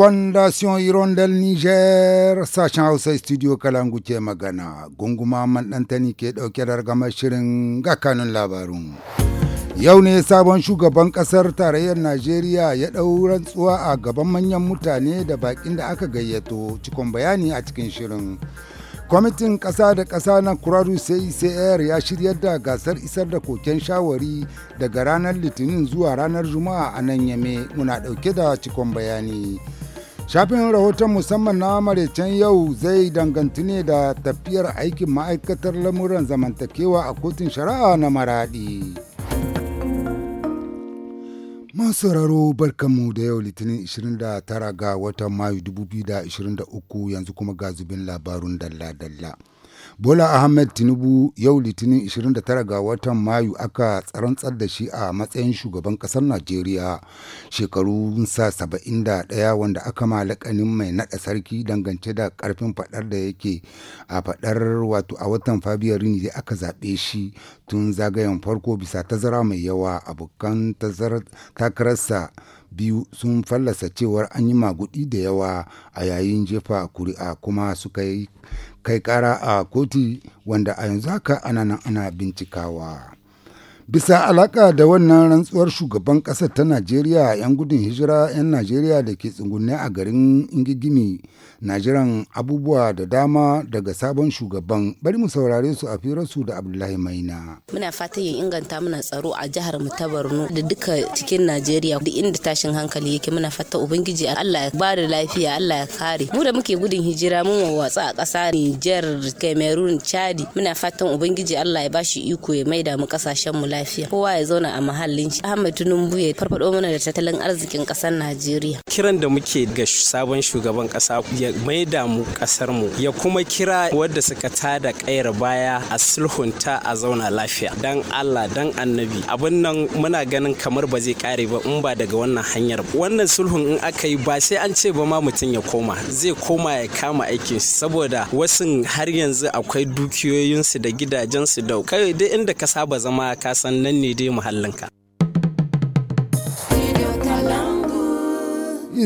fondation hirondel niger sashen hausa studio kalangu ke magana gunguma tani ke ɗauke da ragamar shirin ga kanun labarun yau ne sabon shugaban ƙasar tarayyar najeriya ya ɗau rantsuwa a gaban manyan mutane da baƙin da aka gayyato cikon bayani a cikin shirin kwamitin ƙasa da ƙasa na kuraru cicr e ya shiryar da gasar isar da koken shawari daga ranar litinin zuwa ranar juma'a a nan yame muna ɗauke da cikon bayani Shafin rahoton musamman na maraicen yau zai danganci ne da tafiyar aikin ma'aikatar lamuran zamantakewa a kotun shari'a na maraɗi. raro barkanmu da yau litinin 29 ga watan mayu 2023 yanzu kuma ga zubin labarun dalla-dalla. Bola Ahmed Tinubu yau Litinin 29 ga watan Mayu aka tsarantsar da shi a matsayin shugaban ƙasar Najeriya shekarun sa 71 wanda aka malakanin mai naɗa sarki dangance da ƙarfin faɗar da yake a fadar wato a watan Fabiyar ne aka zaɓe shi tun zagayen farko bisa tazara mai yawa abokan takararsa biyu sun fallasa cewar an yi magudi da yawa a yayin jefa kuri'a kuma suka yi kai kara a koti wanda a yanzu haka ana nan ana bincikawa bisa alaka da wannan rantsuwar shugaban ƙasar ta najeriya 'yan gudun hijira 'yan najeriya da ke tsungunne a garin ingigimi na jiran abubuwa da dama daga sabon shugaban bari mu saurare su a firarsu da abdullahi maina muna fatan ya inganta muna tsaro a jihar mu ta borno da duka cikin najeriya duk inda tashin hankali yake muna fata ubangiji allah ya ba da lafiya allah ya kare mu da muke gudun hijira mun watsa a ƙasa niger cameroon chadi muna fatan ubangiji allah ya bashi iko ya maida mu kasashen mu lafiya kowa ya zauna a mahallin shi ahmad tinubu ya farfado mana da tattalin arzikin ƙasar najeriya kiran da muke ga sabon shugaban ƙasa mai maida mu kasar mu ya kuma kira wadda suka tada kayar baya a sulhunta a zauna lafiya dan Allah dan annabi abin nan muna ganin kamar ba zai kare ba in ba daga wannan hanyar wannan sulhun in aka yi ba sai an ce ba ma mutum ya koma zai koma ya kama aikin saboda wasu har yanzu akwai dukiyoyinsu da gidajensu da kai dai inda ka saba zama ka san nan ne dai muhallinka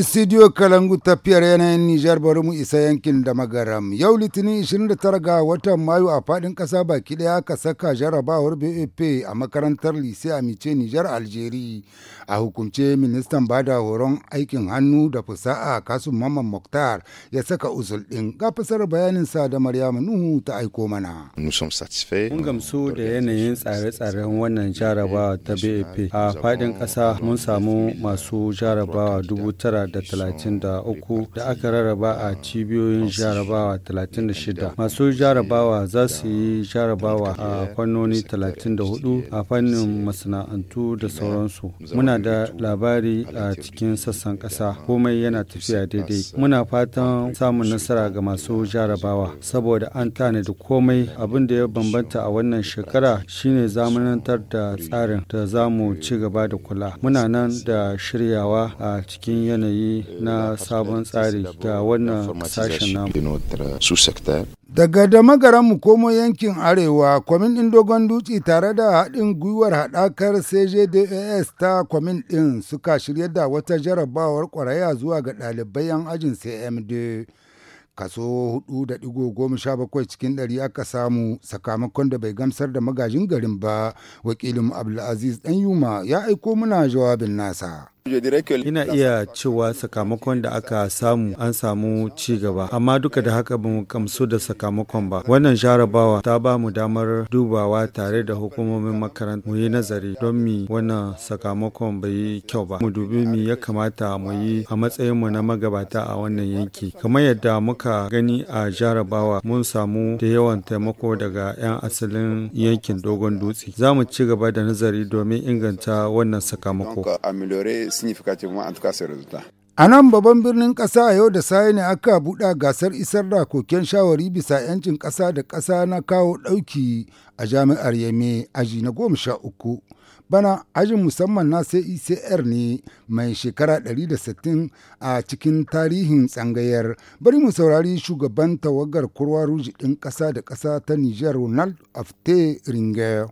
studio Kalangu tafiyar yanayin Nijar bari mu isa yankin da magaram. Yau Litinin 29 ga watan Mayu a fadin kasa baki ɗaya aka saka jarabawar BAP a makarantar Lise a mice Nijar Aljeri. A hukumce ministan bada horon aikin hannu da fusa'a kasu Mamman moktar ya saka usul ɗin ga fasar sa da Maryam Nuhu ta aiko mana. Mun gamsu da yanayin tsare-tsaren wannan jarabawa ta BAP. A fadin kasa mun samu masu jarabawa dubu tara 933 da aka rarraba a cibiyoyin jarabawa shida masu jarabawa za su yi jarabawa a fannoni hudu a fannin masana'antu da sauransu muna da labari a cikin sassan ƙasa komai yana tafiya daidai muna fatan samun nasara ga masu jarabawa saboda an da komai abin da ya bambanta a wannan shekara shine zamanantar da tsarin da za mu ci gaba da kula muna nan da shiryawa a cikin yanayi yi na eh, sabon tsari da wannan sashen namu. Daga da mu komo yankin Arewa, kwamin ɗin dogon dutse tare da haɗin gwiwar haɗakar CJDAS ta kwamin ɗin suka shirya da wata jarabawar ƙwaraya zuwa ga ɗalibai 'yan ajin CMD. kaso 4.17 cikin ɗari aka samu sakamakon da bai gamsar da magajin garin ba wakilin abdulaziz yuma ya aiko muna jawabin nasa Ina iya cewa sakamakon da aka samu an samu ci gaba, amma duka da haka ba mu kamsu da sakamakon ba. Wannan jarabawa ta ba mu damar dubawa tare da hukumomin makaranta mu yi nazari don mi wannan sakamakon bai yi kyau ba. Mu dubi mi ya kamata mu yi a matsayin mu na magabata a wannan yanki. Kamar yadda muka gani a jarabawa mun samu da yawan taimako daga 'yan asalin yankin dogon dutse. Za mu ci gaba da nazari domin inganta wannan sakamako. significative en an tuka sai résultats. A nan babban birnin ƙasa a yau da sai ne aka buɗa gasar isar da koken shawari bisa 'yancin ƙasa da ƙasa na kawo ɗauki a jami'ar yeme aji na goma sha uku. Bana ajin musamman na CICR e ne mai shekara 160 a cikin tarihin tsangayar. Bari mu saurari shugaban tawagar kurwa ruji ɗin ƙasa da ƙasa ta Niger Ronald o'f Afte Ringer.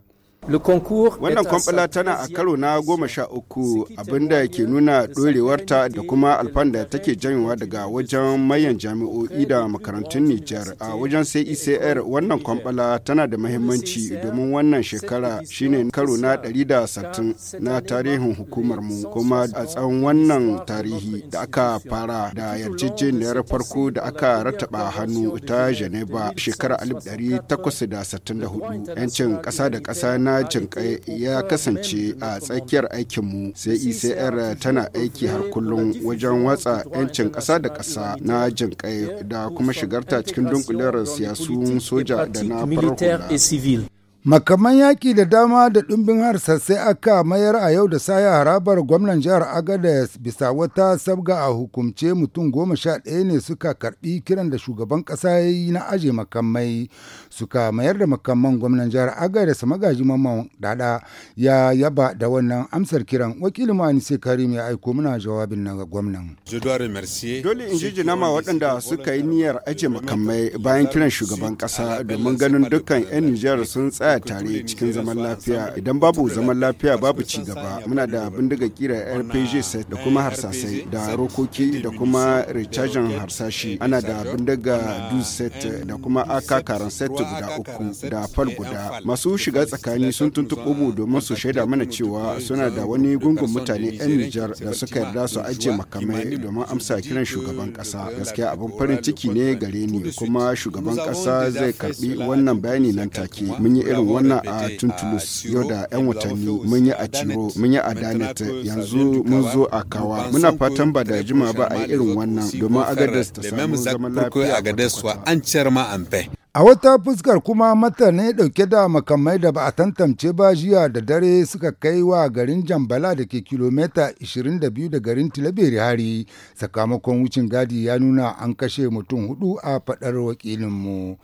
Wannan kwamfula tana a karo na goma sha uku abinda ke nuna ɗorewarta da kuma alfan da take janyowa daga wajen mayan jami'o'i da makarantun Nijar a wajen sai ICR e wannan kwamfula tana da mahimmanci e domin wannan shekara shine karo na 160 na tarihin hukumar mu kuma a tsawon wannan tarihi da aka fara da yarjejeniyar farko da aka rataba hannu ta Geneva shekara 1864 'yancin ƙasa da ƙasa na na kai ya kasance a tsakiyar aikinmu sai ecr tana aiki har kullum wajen watsa 'yancin ƙasa da ƙasa na kai da kuma shigarta cikin dunkulewar siyasun soja da na farko Makaman yaƙi da dama da ɗumbin harsassai aka mayar a yau da saya harabar gwamnan jihar Agadez bisa wata sabga a hukumce mutum goma sha ɗaya ne suka karɓi kiran da shugaban ƙasa ya yi na aje makamai suka mayar da makaman gwamnan jihar Agadez magaji mamman dada ya yaba da wannan amsar kiran wakilin ma'ani sai karim ya aiko muna jawabin na gwamnan. Dole in ji ma waɗanda suka yi niyyar aje makamai bayan kiran shugaban ƙasa domin ganin dukkan 'yan Nijar sun tsaya tafiya tare cikin zaman lafiya idan babu zaman lafiya babu ci gaba muna da bindiga kira rpg set da kuma harsasai da rokoki da kuma recharging harsashi ana da bindiga du set da kuma aka karan set guda uku da fal guda masu shiga tsakani sun tuntuɓo mu domin su shaida mana cewa suna da wani gungun mutane 'yan nijar da suka yarda su ajiye makamai domin amsa kiran shugaban kasa gaskiya abin farin ciki ne gare ni kuma shugaban kasa zai karbi wannan bayani nan take mun yi irin yin wannan a Tuntulus yau da 'yan watanni mun yi a Ciro, mun yi a Danet, yanzu mun zo a Kawa. Muna fatan ba da jima ba a yi irin wannan domin Agadas ta samu zaman lafiya. A wata fuskar kuma mata ne ɗauke da makamai da ba a tantance ba jiya da dare suka kai wa garin Jambala da ke kilomita 22 da garin Tilaberi hari sakamakon wucin gadi ya nuna an kashe mutum hudu a faɗar wakilinmu.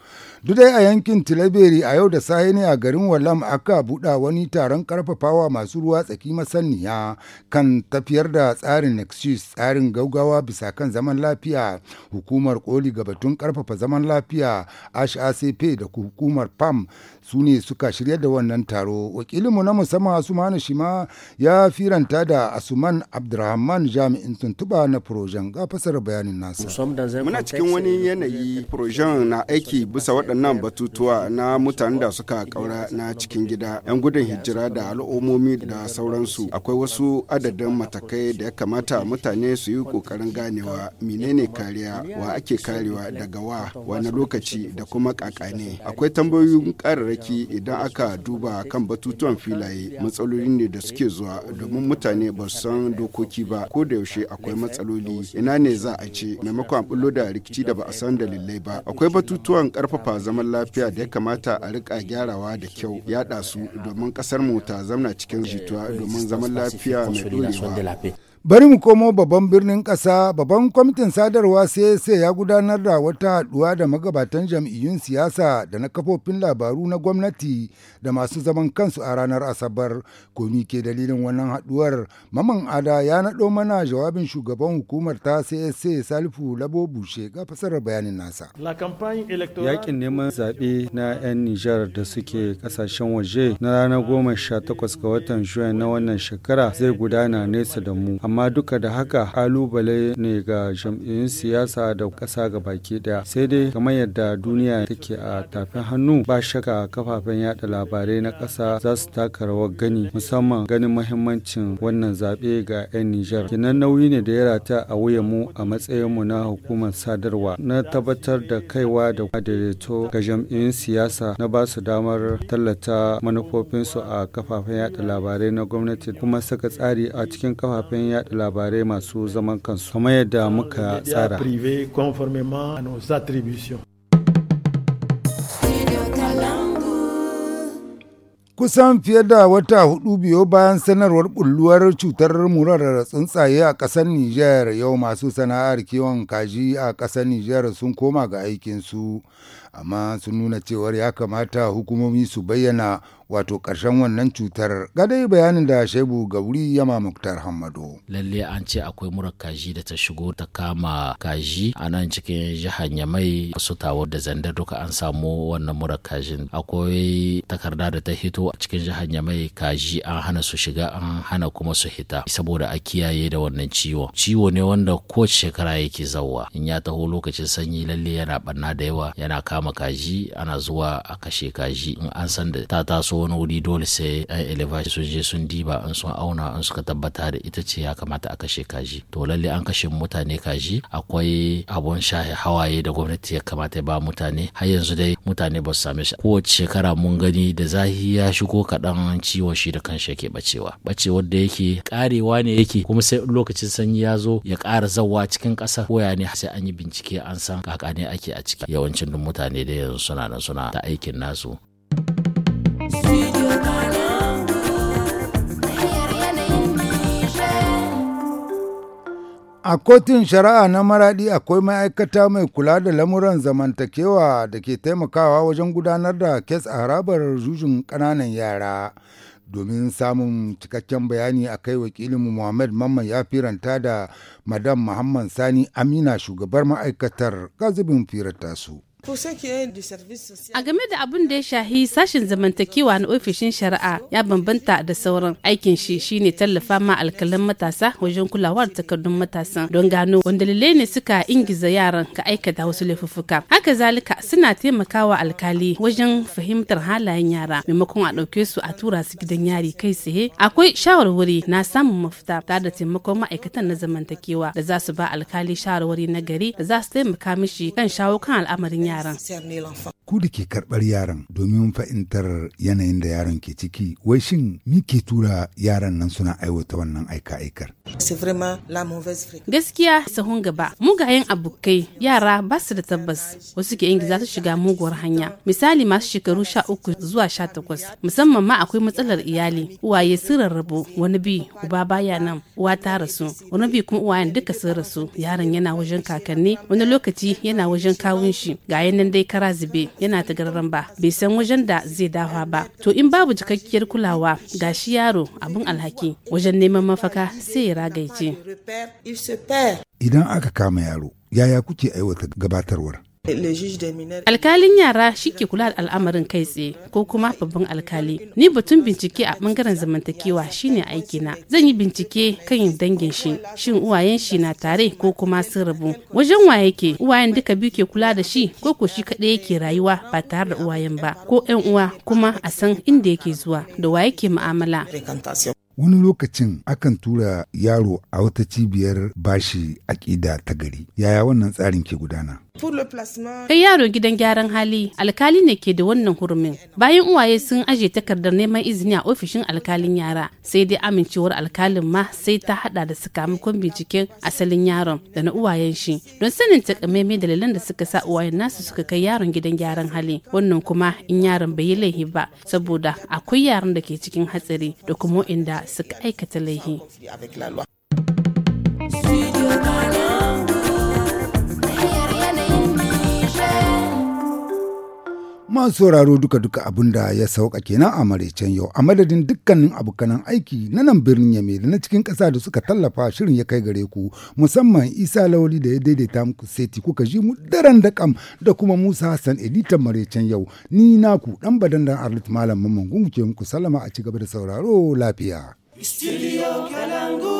Dudai a yankin Tilaberi a yau da sahi ne a garin wallam aka buɗa wani taron karfafawa masu ruwa tsaki masaniya kan tafiyar da tsarin Nexus tsarin gaugawa bisa kan zaman lafiya hukumar koli ga batun karfafa zaman lafiya Ash HACP da hukumar PAM su ne suka shirya da wannan taro wakilinmu na musamman asumani shima ya firanta da asuman abdurrahman jami'in tuntuba na projen ga fasar bayanin nasa muna cikin wani yanayi projen na aiki bisa waɗannan batutuwa na mutanen da suka kaura na cikin gida 'yan gudun hijira da al'ummomi da sauransu akwai wasu adadin matakai da ya kamata mutane su yi kokarin ganewa menene kariya wa ake karewa daga wa wani lokaci da kuma kakane akwai tambayoyin ƙararraki gonaki idan aka duba kan batutuwan filaye matsaloli ne da suke zuwa domin mutane ba su san dokoki ba ko da yaushe akwai matsaloli ina ne za a ce maimakon bullo da rikici da ba a san dalilai ba akwai batutuwan karfafa zaman lafiya da ya kamata a rika gyarawa da kyau yada su domin kasar mu ta zamna cikin jituwa domin zaman lafiya mai dorewa Bari mu komo babban birnin ƙasa, babban kwamitin sadarwa sai ya gudanar da wata haɗuwa da magabatan jam'iyyun siyasa da na kafofin labaru na gwamnati da masu zaman kansu a ranar Asabar. Komi ke dalilin wannan haɗuwar, Maman Ada ya naɗo mana jawabin shugaban hukumar ta CSA Salifu Labo Bushe ga fasarar bayanin nasa. Yakin neman zaɓe na 'yan Nijar da suke ƙasashen waje na ranar goma sha takwas ga watan na wannan shekara zai gudana nesa da mu. amma duka da haka kalubale ne ga jam'iyyun siyasa da ƙasa ga baki daya sai dai kamar yadda duniya take a tafin hannu ba shaka kafafen yada labarai na ƙasa za su taka rawar gani musamman ganin mahimmancin wannan zaɓe ga 'yan Nijar. Kinan nauyi ne da ya rata a wuya mu a matsayin mu na hukumar sadarwa na tabbatar da kaiwa da daidaito ga jam'iyyun siyasa na ba su damar tallata manufofinsu a kafafen yada labarai na gwamnati kuma saka tsari a cikin kafafen yada yada labarai masu zaman kansu kamar yadda muka tsara. Kusan fiye da wata hudu biyo bayan sanarwar bulluwar cutar murar tsuntsaye a ƙasar Nijar yau masu sana'ar kiwon kaji a ƙasar Nijar sun koma ga aikinsu, amma sun nuna cewar ya kamata hukumomi su bayyana wato ƙarshen wannan cutar gadai bayanin da shaibu gauri yama muktar hamadu lalle an ce akwai mura kaji da ta shigo ta kama kaji a nan cikin jihar yamai su tawar da zandar duka an samu wannan mura kajin akwai takarda da ta hito a cikin jihar yamai kaji an hana su shiga an hana kuma su hita saboda a kiyaye da wannan ciwo ciwo ne wanda kowace shekara yake zawa in ya taho lokacin sanyi lalle yana barna da yawa yana kama kaji ana zuwa a kashe kaji in an san da ta taso wani wuri dole sai an eleva sun je sun diba an sun auna an suka tabbata da ita ce ya kamata a kashe kaji to lalle an kashe mutane kaji akwai abun sha hawaye da gwamnati ya kamata ba mutane har yanzu dai mutane ba su same shi kowace shekara mun gani da zahi ya shigo kaɗan ciwon shi da kanshi yake bacewa bacewar da yake karewa ne yake kuma sai lokacin sanyi ya zo ya ƙara zawa cikin ƙasa ko ne sai an yi bincike an san kaka ne ake a ciki yawancin duk mutane da yanzu suna nan suna ta aikin nasu A kotun shari'a na Maraɗi akwai ma'aikata mai kula da lamuran zamantakewa da ke taimakawa wajen gudanar da kes a harabar jujin ƙananan yara. Domin samun cikakken bayani a kai Wakilin Muhammad Mamman ya firanta da Madam Muhammad Sani Amina shugabar ma'aikatar gazibin firata su. A game da abin da ya shahi sashen zamantakewa na ofishin shari'a ya bambanta da sauran aikin shi shine tallafa ma alkalan matasa wajen kulawar takardun matasan don gano wanda lile ne suka ingiza yaran ka aikata wasu laifuffuka. Haka zalika suna taimakawa alkali wajen fahimtar halayen yara maimakon a ɗauke su a tura su gidan yari kai tsaye. Akwai shawarwari na samun mafita tare da taimakon ma'aikatan na zamantakewa da za su ba alkali shawarwari na gari da za su taimaka mishi kan shawo kan al'amarin yaran. Ku da ke karɓar yaran domin fahimtar yanayin da yaran ke ciki, wai shin mi ke tura yaran nan suna aiwata wannan aika-aikar? Gaskiya sahun gaba mugayen abokai yara ba su da tabbas wasu ke za su shiga muguwar hanya misali masu shekaru sha uku zuwa sha takwas musamman ma akwai matsalar iyali uwaye sun rarrabu wani bi uba baya nan uwa ta rasu wani bi kuma uwayen duka sun rasu yaron yana wajen kakanni wani lokaci yana wajen kawun shi ga yanan dai kara zube yana ta ba bai san wajen da zai dawa ba to in babu cikakkiyar kulawa ga shi yaro abin alhaki wajen neman mafaka sai ragaice. Idan aka kama yaro, yaya kuke aiwata gabatarwar? Alkalin yara shi ke kula da al'amarin kai tsaye ko kuma babban alkali. Ni batun bincike a bangaren zamantakewa shine aikina. Zan yi bincike kan yin dangin shi, shin uwayen shi na tare ko kuma sun rabu. Wajen wa yake, uwayen duka biyu ke kula da shi ko ko shi kaɗai yake rayuwa ba tare da uwayen ba, ko 'yan uwa kuma a san inda yake zuwa da wa yake mu'amala. wani lokacin akan tura yaro a wata cibiyar bashi aƙida ta gari yaya wannan tsarin ke gudana Kai yaro gidan gyaran hali alkali ne ke da wannan hurumin. Bayan uwaye sun aje takardar neman izini a ofishin alkalin yara sai dai amincewar alkalin ma sai ta hada da sakamakon binciken asalin yaron da na uwayen shi don sanin takamaimai dalilan da suka sa uwayen nasu suka kai yaron gidan gyaran hali wannan kuma in yaron bai yi laifi ba saboda akwai yaron da ke cikin hatsari da kuma inda suka aikata laifi. Studio Masu sauraro duka-duka abin da ya sauka kenan a maraicen yau a madadin dukkanin abokanan aiki na nan birnin Yame da na cikin ƙasa da suka tallafa shirin ya kai gare ku musamman Isa Lawali da ya daidaita muku seti kuka ji mu daren da kam da kuma Musa Hassan editan maraicen yau ni naku dan badan dan Arlit Malam Mamman Gungu ke muku salama a ci gaba da sauraro lafiya. Studio Kalangu.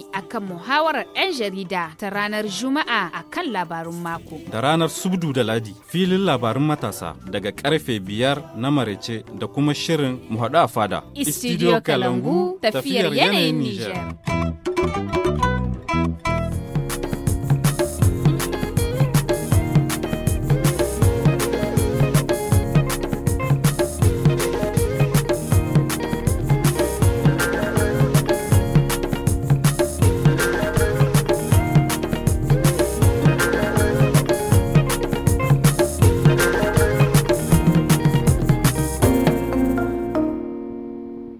akan muhawarar 'yan jarida ta ranar Juma'a akan labarun mako. Da ranar Subdu da Ladi filin labarun matasa daga karfe biyar na marece da kuma shirin muhadu a fada. Istidiyo Kalangu tafiyar yanayin Nijar.